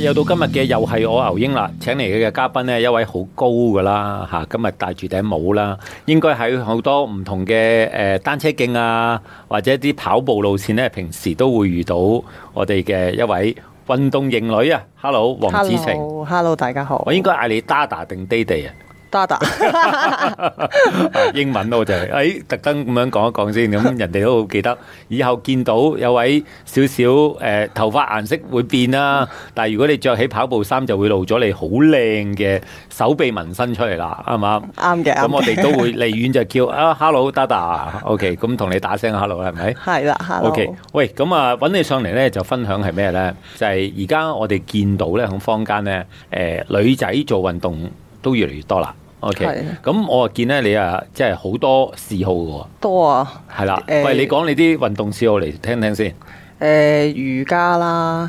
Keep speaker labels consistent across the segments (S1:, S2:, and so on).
S1: 又到今日嘅又係我牛英啦，請嚟嘅嘉賓咧一位好高噶啦吓，今日戴住頂帽啦，應該喺好多唔同嘅誒單車徑啊，或者啲跑步路線呢平時都會遇到我哋嘅一位運動型女啊，Hello，黃子澄
S2: hello,，Hello，大家好，我應
S1: 該嗌你 Dada 定 Daddy 啊？
S2: Dada 、
S1: 啊、英文咯就係、是，誒、哎，特登咁樣講一講先，咁人哋都好記得。以後見到有位少少誒，頭髮顏色會變啦，但係如果你着起跑步衫，就會露咗你好靚嘅手臂紋身出嚟啦，係嘛？啱嘅，咁我哋都會離遠就叫啊、ah,，Hello，Dada，OK，、okay, 咁同你打聲 Hello 係咪？係啦 OK 喂，咁啊，搵你上嚟咧就分享係咩咧？就係而家我哋見到咧響坊間咧，誒、呃，女仔做運動。都越嚟越多啦，OK，咁的我啊見咧你啊，即係好多嗜好嘅喎。多啊，係啦的，欸、喂，你講你啲運動嗜好嚟聽聽先。
S2: 誒、欸，瑜伽啦，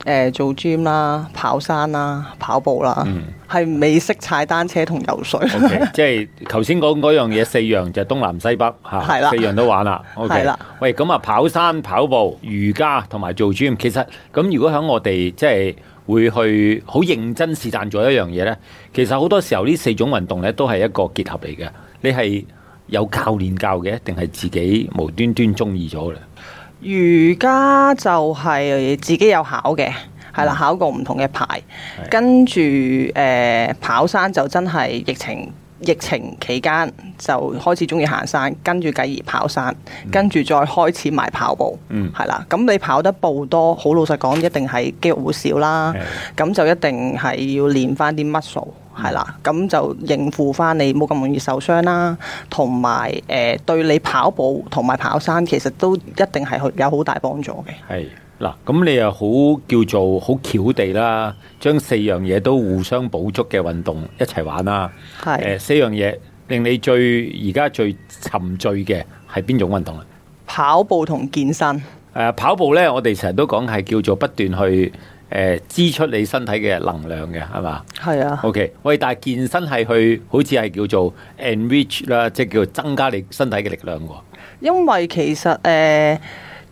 S2: 誒、欸，做 gym 啦，跑山啦，跑步啦，係未識踩單車同游
S1: 水？Ok，即係頭先講嗰樣嘢， 四樣就東南西北吓，啊、了四樣都玩啦。OK，了了 喂，咁啊跑山跑步瑜伽同埋做 gym，其實咁如果喺我哋即係。會去好認真是但做一樣嘢呢。其實好多時候呢四種運動呢都係一個結合嚟嘅。你係有教練教嘅，定係自己無端端中意咗咧？
S2: 瑜伽就係自己有考嘅，係啦，考過唔同嘅牌。跟住誒跑山就真係疫情。疫情期間就開始中意行山，跟住繼而跑山，嗯、跟住再開始埋跑步，係啦、嗯。咁你跑得步多，好老實講，一定係肌肉會少啦。咁是的 就一定係要練翻啲 muscle，係啦。咁就應付翻你冇咁容易受傷啦，同埋誒對你跑步同埋跑山其實都一定係有好大幫助嘅。係。
S1: 嗱，咁你又好叫做好巧地啦，將四樣嘢都互相補足嘅運動一齊玩啦。係。誒四樣嘢令你最而家最沉醉嘅係邊種運動啊？跑步同健身。誒跑步咧，我哋成日都講係叫做不斷去誒支出你身體嘅能量嘅，係嘛？係啊。OK，喂，但係健身係去好似係叫做 enrich 啦，即係叫增加你身體嘅力量喎。
S2: 因為其實誒。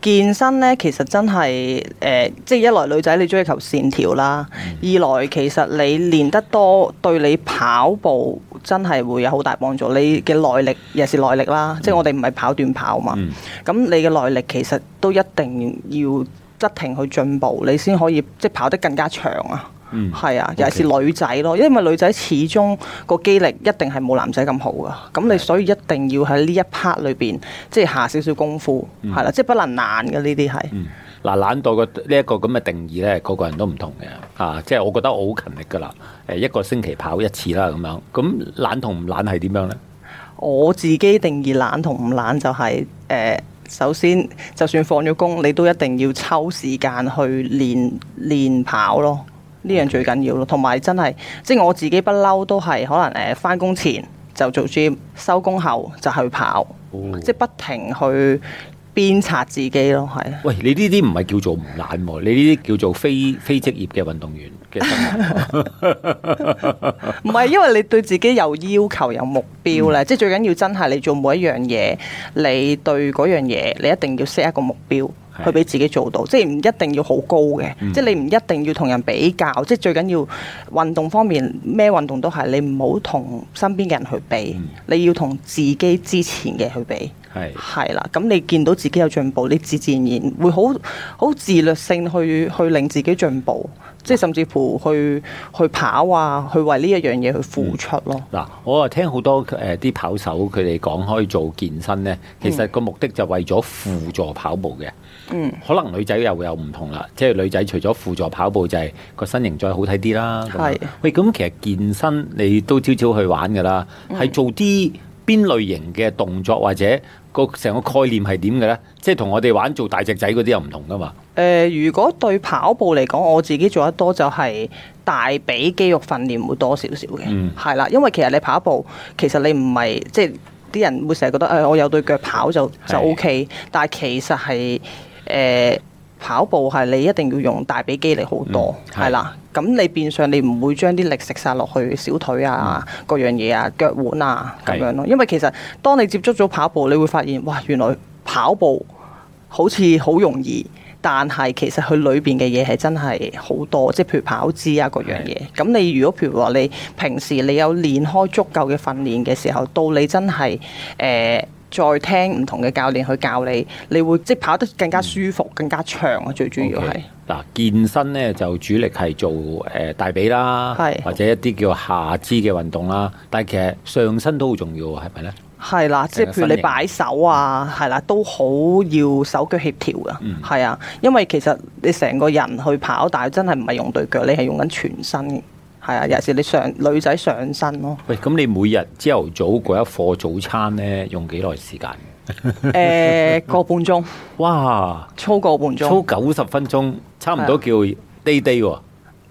S2: 健身咧，其實真係誒、呃，即係一來女仔你追求線條啦，mm. 二來其實你練得多對你跑步真係會有好大幫助。你嘅耐力又是耐力啦，mm. 即係我哋唔係跑短跑嘛。咁、mm. 你嘅耐力其實都一定要不停去進步，你先可以即係跑得更加長啊。嗯，係啊的，Okay. 尤其是女仔咯，因為女仔始終個肌力一定係冇男仔咁好噶，咁的你所以一定要喺呢一 part 裏邊，即係下少少功夫，係啦、嗯，即係不能懶嘅呢啲係。嗯，
S1: 嗱、這個，懶惰嘅呢一個咁嘅定義咧，個個人都唔同嘅，啊，即係我覺得我好勤力噶啦，誒，一個星期跑一次啦咁樣，咁懶同唔懶係點樣咧？
S2: 我自己定義懶同唔懶就係、是，誒、呃，首先就算放咗工，你都一定要抽時間去練練跑咯。呢樣最緊要咯，同埋真係，即係我自己不嬲都係，可能誒翻工前就做 gym，收工後就去跑，哦、即係不停去鞭策自己咯，係。
S1: 喂，你呢啲唔係叫做唔懶，你呢啲叫做非非職業嘅運動員嘅生活，
S2: 唔係，因為你對自己有要求有目標咧，嗯、即係最緊要真係你做每一樣嘢，你對嗰樣嘢你一定要 set 一個目標。去俾自己做到，即係唔一定要好高嘅。嗯、即係你唔一定要同人比較，即係最緊要運動方面咩運動都係，你唔好同身邊嘅人去比，嗯、你要同自己之前嘅去比。係係啦，咁你見到自己有進步，你自自然然會好好自律性，去去令自己進步，即係甚至乎去去跑啊，去為呢一樣嘢，去付出咯。嗱、
S1: 嗯，我啊聽好多誒啲、呃、跑手佢哋講開做健身咧，其實個目的就為咗輔助跑步嘅。嗯，可能女仔又會有唔同啦，即係女仔除咗輔助跑步就係個身形再好睇啲啦。係喂的，咁、嗯、其實健身你都朝朝去玩噶啦，係、嗯、做啲。邊類型嘅動作或者個成個概念係點嘅咧？即係同我哋玩做大隻仔嗰啲又唔同㗎嘛？
S2: 誒、呃，如果對跑步嚟講，我自己做得多就係大髀肌肉訓練會多少少嘅，係啦、嗯，因為其實你跑步其實你唔係即係啲人會成日覺得誒、呃，我有對腳跑就就 OK，係，但係其實係誒。呃跑步係你一定要用大髀肌力好多，係啦、嗯。咁你變相你唔會將啲力食晒落去小腿啊、嗯、各樣嘢啊、腳腕啊咁樣咯。是的 因為其實當你接觸咗跑步，你會發現哇，原來跑步好似好容易，但係其實佢裏邊嘅嘢係真係好多，即係譬如跑姿啊各樣嘢。咁是的 你如果譬如話你平時你有練開足夠嘅訓練嘅時候，到你真係誒。呃再聽唔同嘅教練去教你，你會即係跑得更加舒服、嗯、更加長啊！最主要係嗱、
S1: okay.，健身咧就主力係做誒、呃、大髀啦，係或者一啲叫下肢嘅運動啦。但係其實上身都好重要，係咪咧？
S2: 係啦，即係譬如你擺手啊，係啦，都好要手腳協調噶，係、嗯、啊，因為其實你成個人去跑，但係真係唔係用對腳，你係用緊全身。係啊，有時你上女仔上身咯。
S1: 喂，咁你每日朝頭早嗰一課早餐咧，用幾耐時間？誒、呃，個半鐘。哇！超個半鐘，超九十分鐘，差唔多叫 day day 喎。誒、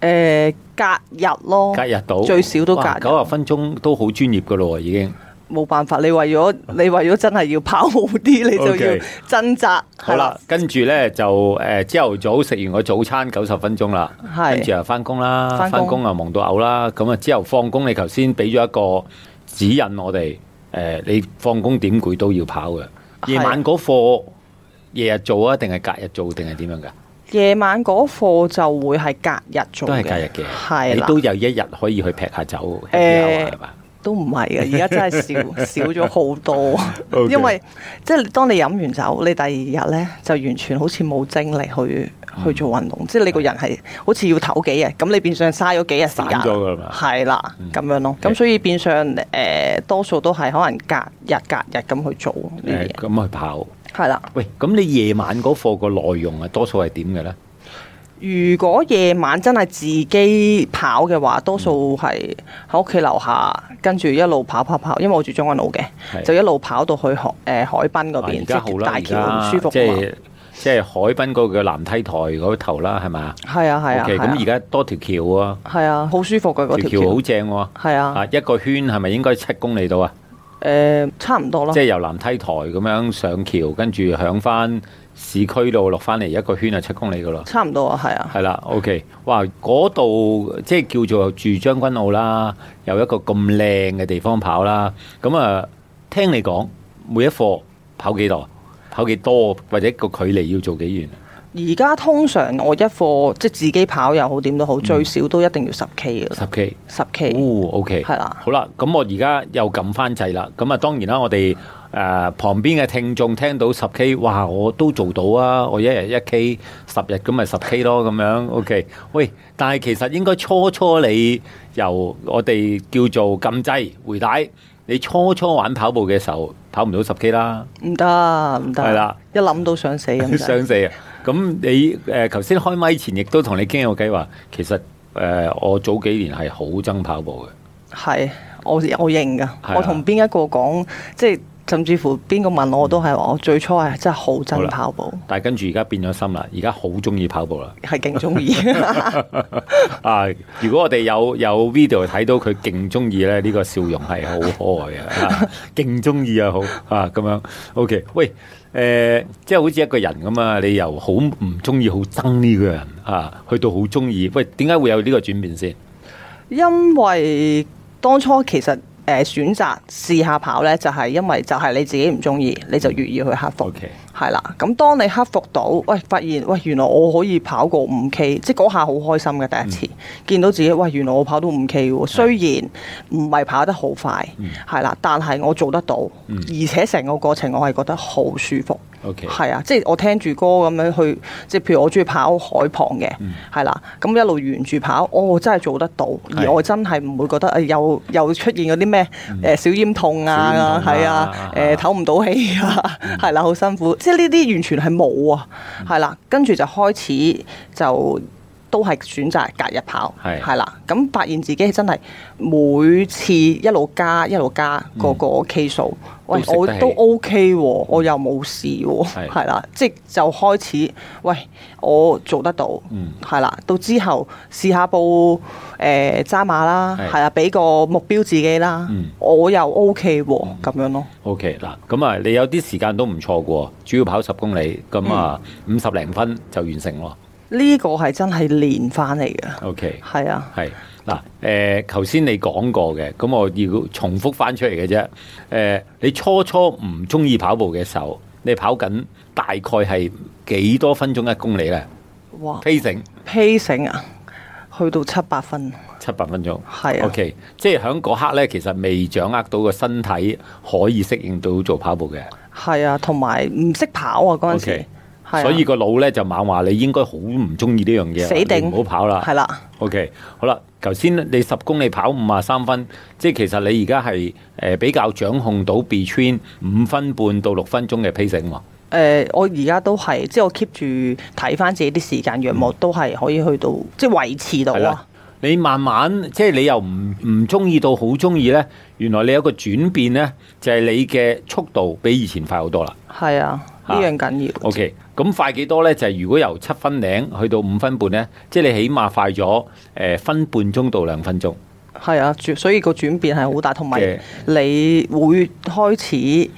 S1: 呃，
S2: 隔日咯，隔日到最少都隔九十
S1: 分鐘都好專業嘅咯，已經。
S2: 冇辦法，你為咗你為咗真係要跑好啲，你就要掙扎。
S1: 好啦，跟住呢就，就、呃、誒，朝頭早食完個早餐九十分鐘啦，跟住啊，翻工啦，翻工啊，忙到嘔啦。咁啊，之後放工，你頭先俾咗一個指引我哋，誒、呃，你放工點攰都要跑嘅。夜晚嗰課，日日做啊，定係隔日做，定係點樣噶？
S2: 夜晚嗰課就會係隔日做都隔，都係隔日
S1: 嘅。係你都有一日可以去劈下酒，
S2: 都唔係嘅，而家真係少 少咗好多，Okay. 因為即係當你飲完酒，你第二日咧就完全好似冇精力去、嗯、去做運動，即係你個人係好似要唞幾日，咁你變相嘥咗幾日時間，係啦咁樣咯，咁 Okay.、嗯、所以變相誒、呃，多數都係可能隔日隔日咁去做，呢啲嘢。
S1: 咁、呃、去跑，係啦的。喂，咁你夜晚嗰課個內容啊，多數係點嘅咧？
S2: 如果夜晚真係自己跑嘅話，多數係喺屋企樓下，跟住一路跑跑跑。因為我住將軍澳嘅，是的 就一路跑到去海誒海濱嗰邊，即係大橋好舒服，即
S1: 係海濱嗰個南梯台嗰頭啦，係咪？係啊係啊。咁而家多條橋啊，係 Okay, 啊，好、啊啊、舒服嘅嗰條橋好正。係啊，啊一個圈係咪應該七公里度啊？誒、呃，差唔多咯。即係由南梯台咁樣上橋，跟住響翻，市區度落翻嚟一個圈啊，七公里嘅咯，差唔多啊，係啊，係啦，OK，哇，嗰度即係叫做住將軍澳啦，有一個咁靚嘅地方跑啦，咁、嗯、啊，聽你講每一課跑幾耐，跑幾多或者個距離要做幾遠？
S2: 而家通常我一課即係自己跑又好點都好，最少都一定要、嗯、十 K 十 K，十 K，哦，OK，係啦，
S1: 啊、好啦，咁我而家又撳翻掣啦，咁啊，當然啦，我哋、嗯。誒、呃，旁邊嘅聽眾聽到十 K，哇！我都做到啊！我一日一 K，十日咁咪十 K 咯，咁樣 OK。喂，但係其實應該初初你由我哋叫做禁制、回帶，你初初玩跑步嘅時候，跑唔到十 K 啦，
S2: 唔得唔得，係啦，了一諗到想死， 想死
S1: 啊！咁你誒，頭、呃、先開麥前亦都同你傾過偈話，其實誒、呃，我早幾年係好憎跑步
S2: 嘅，係我我認噶，的我同邊一個講即係。就是甚至乎邊個問我，我都係我最初係真係好憎跑步。
S1: 但係跟住而家變咗心啦，而家好中意跑步啦，係勁中意啊！如果我哋有有 video 睇到佢勁中意咧，呢個笑容係好可愛嘅，勁中意啊，好啊咁樣。OK，喂，誒、呃，即係好似一個人咁啊，你由好唔中意好憎呢個人啊，去到好中意，喂，點解會有呢個轉變先？
S2: 因為當初其實。誒選擇試下跑呢，就係、是、因為就係你自己唔中意，你就願意去克服。Okay. 係啦，咁當你克服到，喂，發現，喂，原來我可以跑過五 K，即係嗰下好開心嘅。第一次見到自己，喂，原來我跑到五 K 喎，雖然唔係跑得好快，係啦，但係我做得到，而且成個過程我係覺得好舒服。OK，係啊，即係我聽住歌咁樣去，即係譬如我中意跑海旁嘅，係啦，咁一路沿住跑，哦，真係做得到，而我真係唔會覺得誒又又出現嗰啲咩誒小肩痛啊，係啊，誒唞唔到氣啊，係啦，好辛苦。即呢啲完全係冇啊，係啦，跟住就開始就都係選擇隔日跑，係係是啦，咁發現自己真係每次一路加一路加個個 K 數。嗯。喂，都我都 OK、啊、我又冇事喎、啊，係啦的，即係就開始，喂，我做得到，係啦、嗯，到之後試下步，誒、呃，揸馬啦，係啦，俾個目標自己啦，嗯、我又 OK 喎、啊，咁、嗯、樣咯。
S1: OK 嗱，咁啊，你有啲時間都唔錯噶，主要跑十公里，咁啊，五十零分就完成咯。呢、嗯
S2: 呢個係真係練翻
S1: 嚟嘅。OK，係啊，係。嗱，誒、啊，頭、呃、先你講過嘅，咁、嗯、我要重複翻出嚟嘅啫。誒、呃，你初初唔中意跑步嘅時候，你跑緊大概係幾多分鐘一公里咧？哇，Pacing，Pacing 啊，去到七八分，七八分鐘，係啊。OK，即係喺嗰刻咧，其實未掌握到個身體可以適應到做跑步嘅。
S2: 係啊，同埋唔識跑
S1: 啊嗰陣時。Okay. 所以個腦咧就猛話你應該好唔中意呢樣嘢，死定唔好跑啦。係啦的，OK，好啦。頭先你十公里跑五啊三分，即係其實你而家係誒比較掌控到 between 五分半到六分鐘嘅 pacing 誒，
S2: 我而家都係，即係我 keep 住睇翻自己啲時間，若果都係可以去到、嗯、即係
S1: 維持到啊。你慢慢即係你又唔唔中意到好中意咧，原來你有一個轉變咧，就係、是、你嘅速度比以前快好多啦。係啊，呢樣緊要。OK。咁快幾多呢？就係、是、如果由七分零去到五分半呢，即係你起碼快咗誒、呃、分半鐘到兩分鐘。
S2: 係啊，所以個轉變係好大，同埋你會開始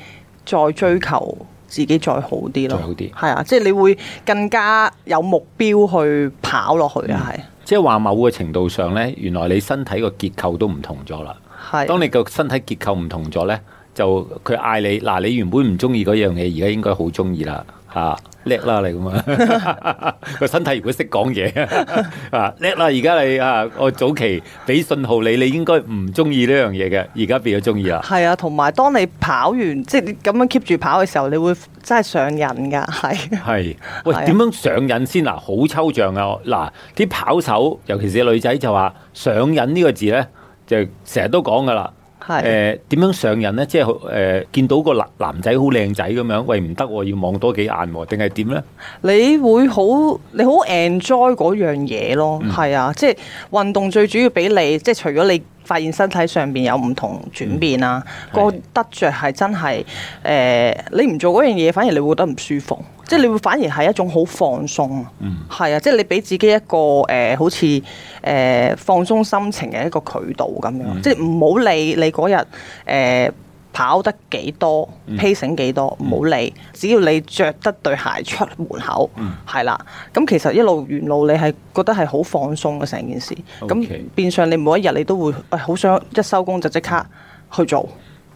S2: 再追求自己再好啲咯。好啲係啊，即係你會更加有目標去跑落去啊，係、嗯。
S1: 即係話某個程度上呢，原來你身體個結構都唔同咗啦。係的，當你個身體結構唔同咗呢，就佢嗌，你嗱、啊，你原本唔中意嗰樣嘢，而家應該好中意啦。吓叻啦你咁啊個 身體如果識講嘢啊，叻啦而家你，啊我早期俾信號你，你應該唔中意呢樣嘢嘅，而家變咗中意啦。
S2: 係啊，同埋當你跑完即係咁樣 keep 住跑嘅時候你會真係上癮噶係
S1: 係。喂，點樣上癮先？嗱、啊，好抽象啊，嗱啲、啊、跑手尤其是女仔就話上癮呢個字咧就成日都講噶啦。誒，點是、呃、樣上癮咧？即係誒，見到個男男仔好靚仔咁樣，喂，唔得，要望多幾眼，定係點咧？你會好，你好 enjoy 嗰樣嘢咯，
S2: 係、嗯、啊，即係運動最主要俾你，即係除咗你發現身體上邊有唔同轉變啊，覺、嗯、得着係真係，誒、呃，你唔做嗰樣嘢，反而你會覺得唔舒服。即係你會反而係一種好放鬆，係、嗯、啊！即係你俾自己一個誒、呃，好似誒、呃、放鬆心情嘅一個渠道咁樣。嗯、即係唔好理你嗰日誒跑得幾多，嗯、披醒幾多，唔好理。嗯、只要你着得對鞋出門口，係啦、嗯。咁、啊、其實一路沿路你係覺得係好放鬆嘅成件事。咁、嗯、變相你每一日你都會好、哎、想一收工就即刻去做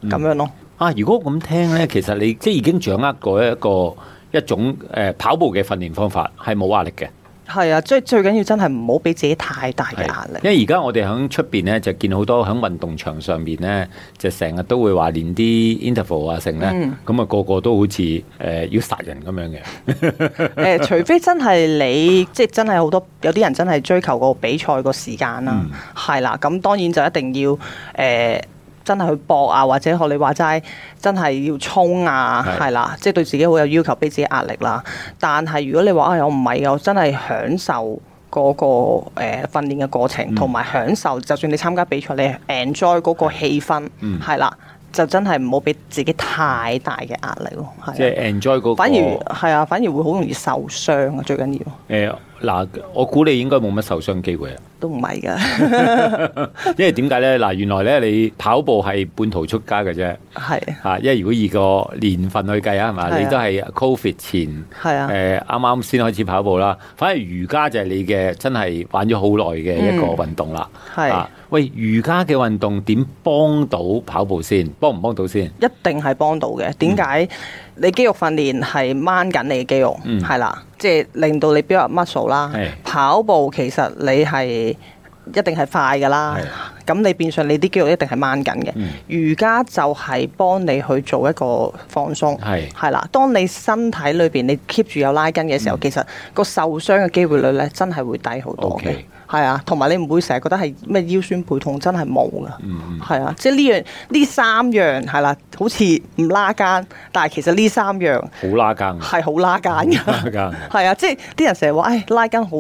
S1: 咁樣咯、嗯。啊，如果咁、啊、聽咧，其實你即係已經掌握過一個，一種誒、呃、跑步嘅訓練方法係冇壓力嘅，
S2: 係啊，即係最緊要真係唔好俾自己太大嘅壓力。
S1: 因為而家我哋喺出邊咧就見好多喺運動場上面咧就成日都會話練啲 interval 啊，成咧，咁啊、嗯、個個都好似誒、呃、要殺人咁樣嘅。誒、 呃，除非
S2: 真係你即係、就是、真係好多有啲人真係追求個比賽個時間、嗯、啦，係啦，咁當然就一定要誒。呃真係去搏啊，或者學你話齋，真係要衝啊，係啦是的，即係對自己好有要求，俾自己壓力啦。但係如果你話啊、哎，我唔係，我真係享受嗰、嗰個誒、呃、訓練嘅過程，同埋享受、嗯、就算你參加比賽，你 enjoy 嗰個氣氛，係啦、嗯，就真係唔好俾自己太大嘅壓力
S1: 咯。即係 enjoy 嗰個，反而
S2: 係啊，反而會好容易受傷啊！最緊要。
S1: 哎嗱，我估你應該冇乜受傷機會啊，都唔係噶， 因為點解咧？嗱，原來咧你跑步係半途出家嘅啫，係啊是，因為如果以個年份去計啊，係嘛，你都係 Covid 前，係啊，誒啱啱先開始跑步啦。反而瑜伽就係你嘅真係玩咗好耐嘅一個運動啦，係、嗯啊。喂，瑜伽嘅運動點幫到跑步先？幫唔幫到先？
S2: 一定係幫到嘅，點解？嗯你肌肉訓練係掹緊你嘅肌肉，係啦、嗯，即係令到你 build up muscle 啦。的跑步其實你係一定係快㗎啦，咁的你變相你啲肌肉一定係掹緊嘅。嗯、瑜伽就係幫你去做一個放鬆，係啦的。當你身體裏邊你 keep 住有拉筋嘅時候，嗯、其實個受傷嘅機會率咧真係會低好多嘅。Okay。係啊，同埋你唔會成日覺得係咩腰酸背痛，真係冇噶。嗯嗯，係啊，即係呢樣呢三樣係啦、啊，好似唔拉筋，但係其實呢三樣好拉筋，係好拉筋嘅。拉筋係 啊，即係啲人成日話誒拉筋好。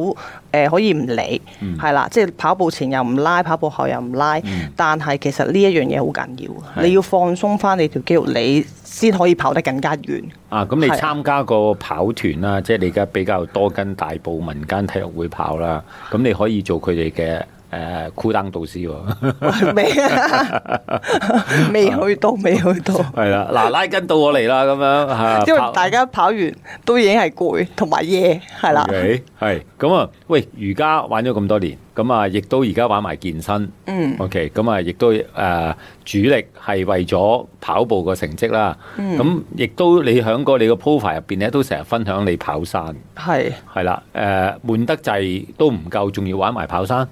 S2: 誒可以唔理，係啦、嗯，即係跑步前又唔拉，跑步後又唔拉，嗯、但係其實呢一樣嘢好緊要，的你要放鬆翻你條肌肉，你先可以跑得更加遠。
S1: 啊，咁你參加個跑團啦，的即係你而家比較多跟大埔民間體育會跑啦，咁你可以做佢哋嘅。誒，cool down 導師，未、啊，
S2: 未 去到，未去到，
S1: 係 啦，嗱，拉筋到我嚟啦，咁樣，啊、因為大
S2: 家跑完都已經係攰同埋夜，係啦，係、
S1: okay，咁、嗯、啊，喂，瑜伽玩咗咁多年，咁、嗯、啊，亦都而家玩埋健身，嗯，OK，咁、嗯、啊，亦、嗯、都誒、呃，主力係為咗跑步個成績啦，咁、嗯、亦、嗯嗯嗯、都你響過你個 p o 入邊咧，都成日分享你跑山，係的，係啦，誒、呃，悶得滯都唔夠，仲要玩埋跑山。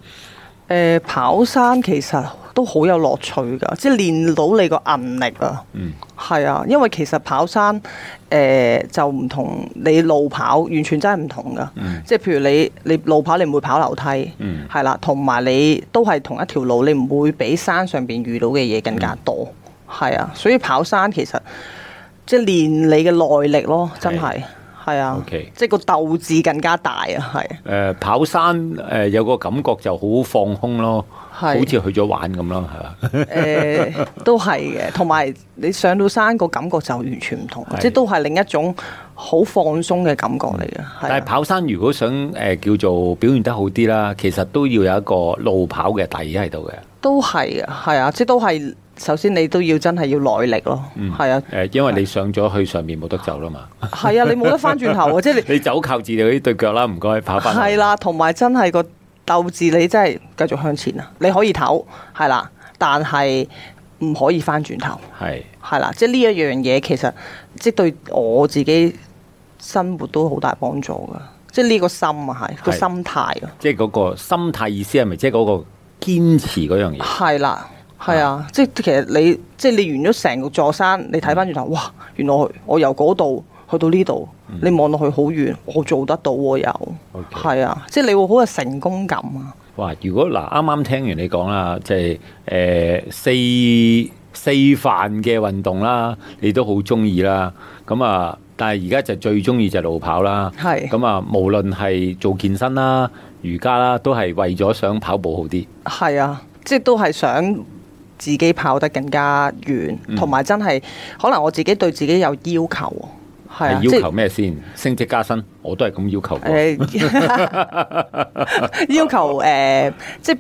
S1: 誒、呃，跑山其實都好有樂趣噶，即係練到
S2: 你個韌力啊。嗯，係啊，因為其實跑山誒、呃，就唔同你路跑，完全真係唔同噶。嗯、即係譬如你你路跑，你唔會跑樓梯。嗯、啊，係啦，同埋你都係同一條路，你唔會比山上邊遇到嘅嘢更加多。係、嗯、啊，所以跑山其實即係練你嘅耐力咯，真係。係啊，Okay. 即係個鬥志更加大啊，係。
S1: 誒，跑山誒、呃，有個感覺就好放空咯，是，好似去咗玩咁啦，係啊，誒、欸，都
S2: 係嘅，同埋你上到山個感覺就完全唔同，啊、即係都係另一種好放鬆嘅感覺嚟嘅。嗯啊、
S1: 但係跑山如果想誒、呃、叫做表現得好啲啦，其實都要有一個路跑嘅底喺度嘅。
S2: 都係啊，係啊，即係都係。首先你
S1: 都要真係要耐力咯，係啊，誒，因為你上咗去上面冇得走啦嘛，
S2: 係啊，你冇得翻轉頭啊，即
S1: 係你你走靠自己對腳啦，唔該跑翻係
S2: 啦，同埋真係個鬥志，你真係繼續向前啊，你可以唞，係啦、啊，但係唔可以翻轉頭係係啦，即係呢一樣嘢，其實即係對我自己生活都好大幫助噶，即係呢個心、係、啊，係個心態啊，
S1: 即係嗰個心態意思係咪即係嗰個堅持嗰樣嘢係啦。 係啊，啊，即係其實你
S2: 即係你完咗成個座山，你睇返轉頭，嗯、哇！原來我，我由嗰度去到呢度，你望落去好遠，我做得到，我有，係 Okay. 啊，即係你會好有成功感啊！
S1: 哇！如果嗱啱啱聽完你講啦，即係誒四四範嘅運動啦，你都好中意啦。咁啊，但係而家就最中意就係路跑啦。係咁啊，無論係做健身啦、瑜伽啦，都係為咗想跑步好啲。係啊，即係都係想。自己跑得更加遠，同
S2: 埋真係可能我自己對自己有要求，係啊，要求
S1: 咩先？即升職加薪，我都係咁要， 要求。誒，
S2: 要求誒，即係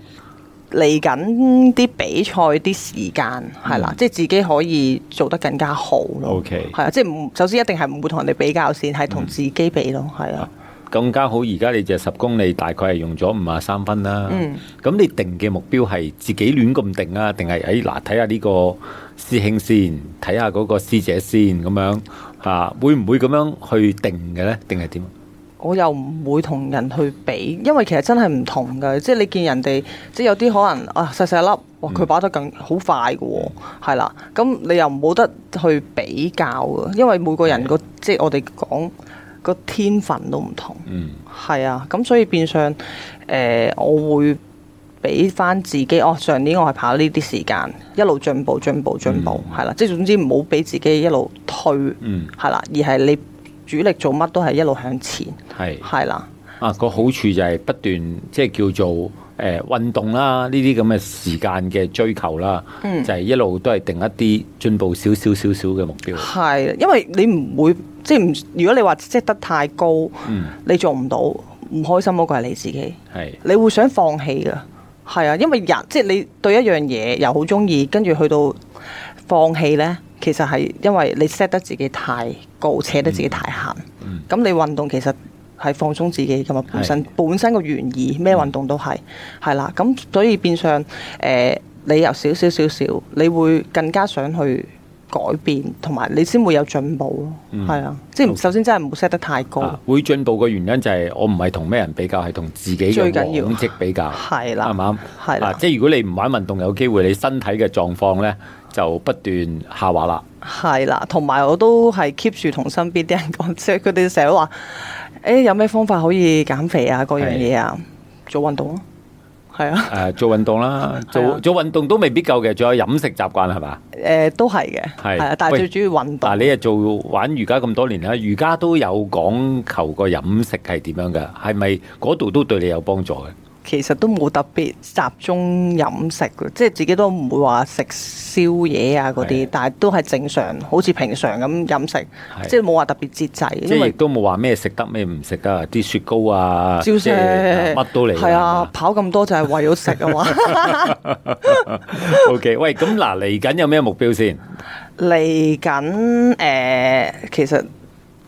S2: 嚟緊啲比賽啲時間係啦，啊嗯、即係自己可以做得更加好咯。OK，係啊，即係唔首先一定係唔會同人哋比較先，係同自己比咯，係、嗯、啊。
S1: 更加好，而家你就十公里大概係用咗五啊三分啦。咁、嗯、你定嘅目標係自己亂咁定啊？定係喺嗱睇下呢個師兄先，睇下嗰個師姐先咁樣吓、啊，會唔會咁樣去定嘅咧？定係點？
S2: 我又唔會同人去比，因為其實真係唔同噶。即係你見人哋，即係有啲可能啊，細細粒，哇，佢把得更好，嗯、快噶、哦，係啦。咁你又唔冇得去比較啊，因為每個人個、嗯、即係我哋講。個天分都唔同，係、嗯、啊，咁所以變相誒、呃，我會俾翻自己。哦，上年我係跑呢啲時間，一路進步進步進步，係啦，即係、嗯啊就是、總之唔好俾自己一路退，係啦、嗯啊，而係你主力做乜都係一路向前，
S1: 係係啦。啊，啊那個好處就係不斷即係、就是、叫做誒、呃、運動啦，呢啲咁嘅時間嘅追求啦，嗯、就係一路都係定一啲進步少少少少嘅目標、嗯。係、
S2: 啊，因為你唔會。即係唔，如果你話 set 得太高，嗯、你做唔到，唔開心嗰個係你自己。係是，你會想放棄㗎。係啊，因為人即係你對一樣嘢又好中意，跟住去到放棄咧，其實係因為你 set 得自己太高，扯得自己太閒。咁、嗯嗯、你運動其實係放鬆自己咁嘛，是本身本身個原意咩運動都係，係啦、嗯。咁、啊、所以變相誒、呃，你由少少少少，你會更加想去改變同埋你先會有進步咯，係啊、嗯，即係首先真係唔 set
S1: 得太高。啊、會進步嘅原因就係我唔係同咩人比較，係同自己最緊要嘅成績比較，係啦，係嘛、啊，係啦吧的、啊。即係如果你唔玩運動，有機會你身體嘅狀況咧就不斷下滑啦。
S2: 係啦，同埋我都係 keep 住同身邊啲人講，即係佢哋成日都話：誒有咩方法可以減肥啊？嗰樣嘢啊，的做運動啊！
S1: 係啊，誒，做運動啦，啊、做做運動都未必夠嘅，仲有飲食習慣係嘛？
S2: 誒、呃，都係嘅，係係啊，但係最主要運動。但
S1: 你又做玩瑜伽咁多年啦，瑜伽都有講求個飲食係點樣嘅，係咪嗰度都對你有幫助嘅？其實都冇特別集中飲食，即係自己都唔會話食宵夜啊
S2: 嗰啲，的但係都係正常，好似平常咁飲食，的即係冇話特別節制。即係亦都
S1: 冇話咩食得咩唔食啊，啲雪糕啊，即係乜都嚟。係啊的，
S2: 的跑咁多就係為咗食啊
S1: 嘛。 OK，喂，咁嗱嚟緊有咩目標先？
S2: 嚟緊誒，其實。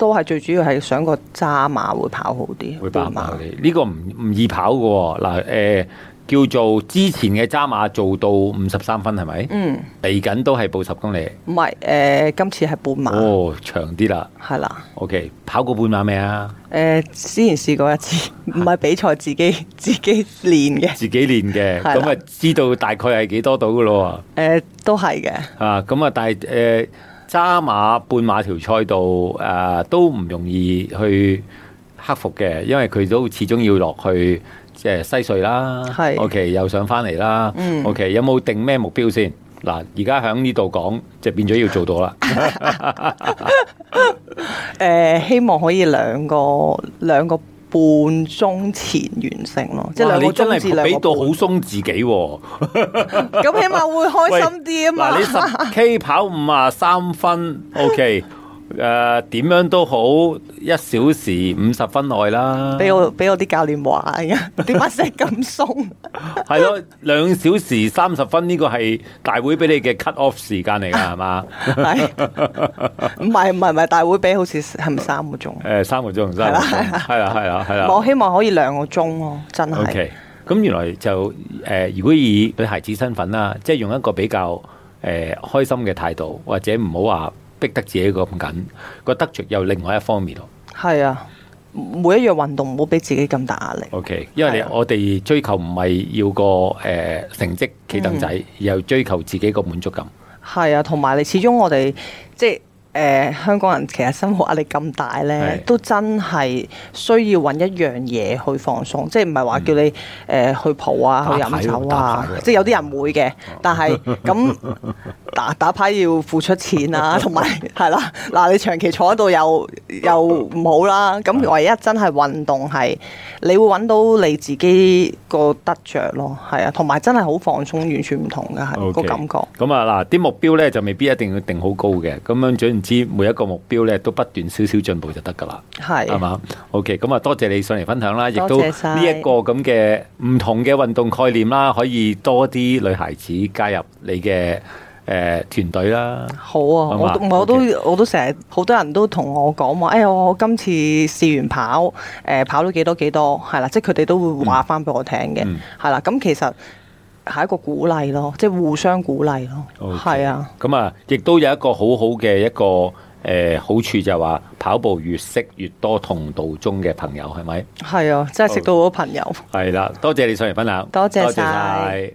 S2: 都係最主要係想個渣馬會跑好啲，馬會跑馬嚟
S1: 呢個唔唔易跑嘅嗱誒，叫做之前嘅渣馬做到五十三分係咪？嗯，嚟緊都係跑十公里，唔係誒，今次係半馬哦，長啲啦，係啦的，OK，跑過半馬未啊？
S2: 誒、呃，之前試過一次，唔係比賽，自己、啊、自己練嘅， 的 自
S1: 己練嘅，咁啊知道大概係幾多度嘅咯？誒、
S2: 呃，都係嘅，
S1: 啊、 嗯，咁啊，但係誒。三馬半馬條賽道，誒、呃、都唔容易去克服嘅，因為佢都始終要落去即係、呃、西隧啦。是 o、okay, K 又上翻嚟啦。嗯、o、okay, K 有冇定咩目標先？嗱，而家喺呢度講，就係變咗要做到啦。誒、 呃，希望可以
S2: 兩個兩個半鐘前完成咯，即係哇兩個鐘先。俾到
S1: 好鬆自己喎、
S2: 啊，咁 起碼會開心啲啊嘛。 你十
S1: K 跑五啊三分 ，OK。誒，點、呃、樣都好，一小時五十分內啦。俾我俾我啲教
S2: 練話 啊，點解成咁鬆？
S1: 係咯，兩小時三十分呢、這個係大會俾你嘅 cut off 時間嚟噶，係嘛、啊？係吧，唔係唔係唔係大會俾，好似
S2: 係咪三個鐘？誒，
S1: 三個鐘，係咪三個鐘，係啦係啦係啦。我希望可以兩個鐘咯，真係。OK，咁原來就誒，如果以你孩子身份啦，即、就、係、是、用一個比較誒開心嘅態度，或者唔好話。逼得自己咁緊，個得着又另外一方面咯。
S2: 係啊，每一樣運動唔好俾自己咁大壓力。
S1: Okay，因為你、啊、我哋追求唔係要個誒、呃、成績企凳仔，又追求自己個滿足感。
S2: 係啊，同埋你始終我哋即係。誒香港人其實生活壓力咁大咧，都真係需要揾一樣嘢去放鬆，即係唔係話叫你誒去蒲啊、去飲酒啊，即係有啲人會嘅。但係咁打打牌要付出錢啊，同埋係啦，嗱你長期坐喺度又又唔好啦。咁唯一真係運動係你會揾到你自己個得着咯。係啊，同埋真係好放鬆，完全唔同嘅，係個感覺。
S1: 咁啊嗱，啲目標咧就未必一定要定好高嘅，咁樣知每一個目標咧，都不斷少少進步就得噶啦，係嘛是？OK，咁啊，多謝你上嚟分享啦，亦都呢一個咁嘅唔同嘅運動概念啦，可以多啲女孩子加入你嘅誒、呃、團隊啦。好啊，吧我我
S2: 都 Okay. 我都成日好多人都同我講話，誒、哎，我今次試完跑誒、呃，跑到幾多幾多少，係啦，即係佢哋都會話翻俾我聽嘅、嗯，係啦。咁、嗯嗯、其實。係一個鼓勵咯，即係互相鼓勵咯，係 Okay. 啊。
S1: 咁啊，亦都有一個好好嘅一個誒、呃、好處就係話跑步越識越多同道中嘅朋友，係咪？
S2: 係啊，真係識到好多朋友。
S1: 係啦、Okay.，多謝你上嚟分享，多謝晒。